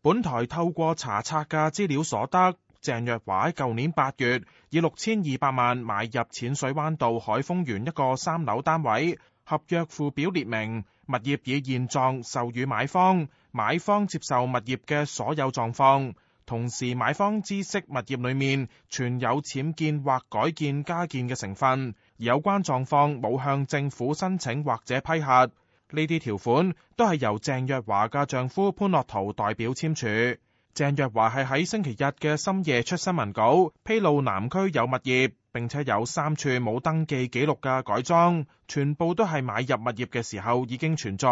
本台透過查冊嘅資料所得，鄭若驊喺舊年八月以六千二百萬買入淺水灣道海峰園一個三樓單位，合約附表列明物業以現狀授予買方，買方接受物業嘅所有狀況，同時買方知悉物業裏面存有僭建或改建加建嘅成分，而有關狀況冇向政府申請或者批核。呢啲條款都係由鄭若驊嘅丈夫潘樂陶代表簽署。鄭若驊係喺星期日嘅深夜出新聞稿披露南區有物業，並且有三處冇登記記錄嘅改裝，全部都係買入物業嘅時候已經存在。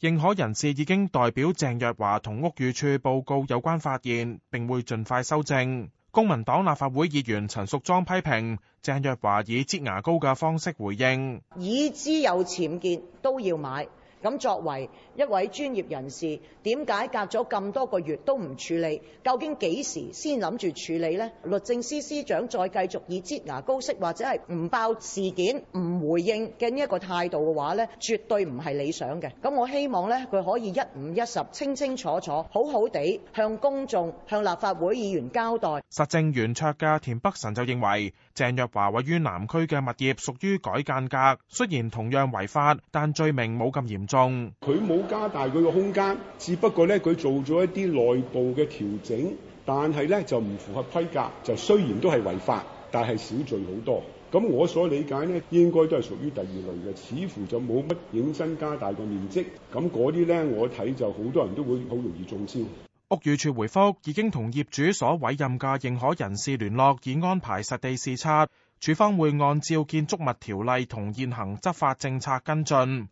認可人士已經代表鄭若驊同屋宇處報告有關發現，並會盡快修正。公民黨立法會議員陳淑莊批評鄭若驊以擠牙膏嘅方式回應以，已知有僭建都要買。咁作為一位專業人士，點解隔咗咁多個月都唔處理？究竟幾時先諗住處理呢？律政司司長再繼續以擠牙膏式或者係唔爆事件、唔回應嘅呢一個態度嘅話呢，絕對唔係理想嘅。咁我希望呢，佢可以一五一十、清清楚楚、好好地向公眾、向立法會議員交代。實政圓桌嘅田北辰就認為，鄭若驊位於南區嘅物業屬於改間隔，雖然同樣違法，但罪名冇咁嚴重。佢冇加大佢個空間，只不過咧佢做咗一啲內部嘅調整，但係咧就唔符合規格，就雖然都係違法，但係少罪好多。咁我所理解呢，應該都係屬於第二類嘅，似乎就冇乜認真加大個面積。咁嗰啲咧，我睇就好多人都會好容易中招。屋宇署回覆：已經同業主所委任嘅認可人士聯絡，已安排實地視察，署方會按照建築物條例同現行執法政策跟進。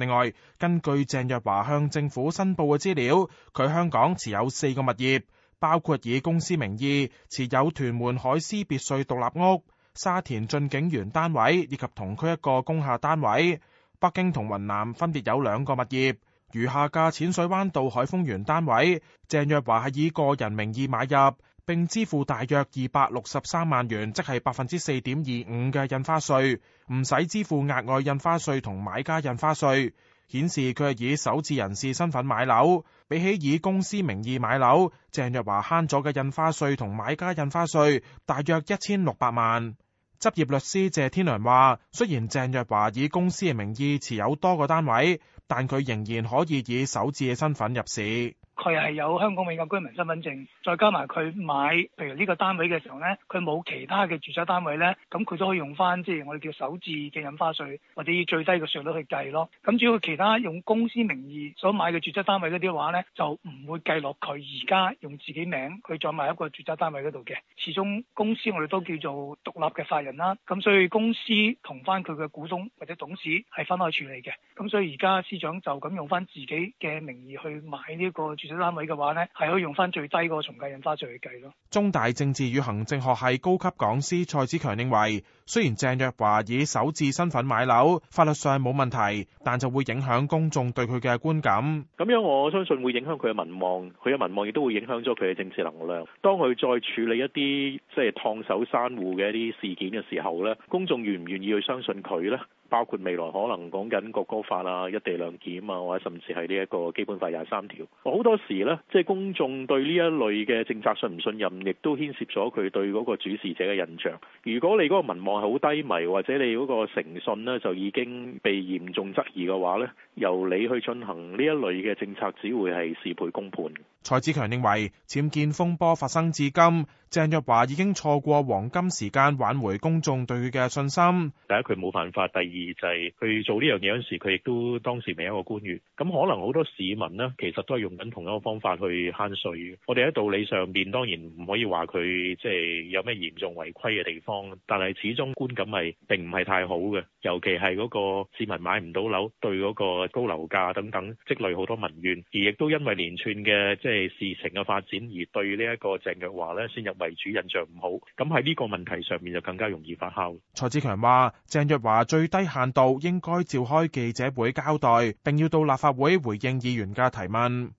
另外，根據鄭若驊向政府申報嘅資料，佢香港持有四個物業，包括以公司名義持有屯門海絲別墅獨立屋、沙田進景園單位以及同區一個工廈單位；北京同雲南分別有兩個物業，餘下嘅淺水灣道海峰園單位，鄭若驊係以個人名義買入。並支付大約二百六十三萬元，即係百分之四點二五嘅印花稅，唔使支付額外印花稅同買家印花稅，顯示佢係以首次人士身份買樓。比起以公司名義買樓，鄭若驊慳咗嘅印花稅同買家印花稅大約一千六百萬。執業律師謝天良話，雖然鄭若驊以公司嘅名義持有多個單位，但佢仍然可以以首置嘅身份入市。佢係有香港永久居民身份證，再加埋佢買，譬如呢個單位嘅時候呢，佢冇其他嘅住宅單位呢，咁佢都可以用翻，即係我哋叫首置嘅印花稅或者以最低嘅稅率去計咯。咁只要其他用公司名義所買嘅住宅單位嗰啲話呢，就唔會計落佢而家用自己名佢再買一個住宅單位嗰度嘅。始終公司我哋都叫做獨立嘅法人啦，咁所以公司同翻佢嘅股東或者董事係分開處理嘅。咁所以而家司長就咁用翻自己嘅名義去買呢個住。單位嘅話咧，係可以用翻最低嗰個重計印花稅嚟計咯。中大政治與行政學系高級講師蔡子強認為，雖然鄭若驊以首置身份買樓，法律上冇問題，但就會影響公眾對佢嘅觀感。咁樣我相信會影響佢嘅民望，佢嘅民望亦都會影響咗佢嘅政治能量。當佢再處理一啲即係燙手山芋嘅一啲事件嘅時候呢，公眾願唔願意去相信佢呢？包括未來可能講緊國歌法啊、一地兩檢啊，或者甚至係呢一個基本法廿三條，好多。時咧，即係公眾對呢一類嘅政策信唔信任，亦都牽涉咗佢對嗰個主事者嘅印象。如果你嗰個民望好低迷，或者你嗰個誠信咧，就已經被嚴重質疑嘅話咧，由你去進行呢一類嘅政策，只會係事倍功半。蔡志強認為，僭建風波發生至今，鄭若驊已經錯過黃金時間挽回公眾對佢嘅信心。第一佢冇辦法，第二就係、是、去做呢樣嘢嗰陣時，佢亦都當時未一個官員，咁可能好多市民咧，其實都係用緊。同一個方法去慳稅，我哋喺道理上面當然唔可以話佢即係有咩嚴重違規嘅地方，但係始終觀感係並唔係太好嘅。尤其係嗰個市民買唔到樓，對嗰個高樓價等等積累好多民怨，而亦都因為連串嘅即係事情嘅發展而對呢一個鄭若驊呢先入為主，印象唔好。咁喺呢個問題上面就更加容易發酵。蔡志強話：鄭若驊最低限度應該召開記者會交代，並要到立法會回應議員嘅提問。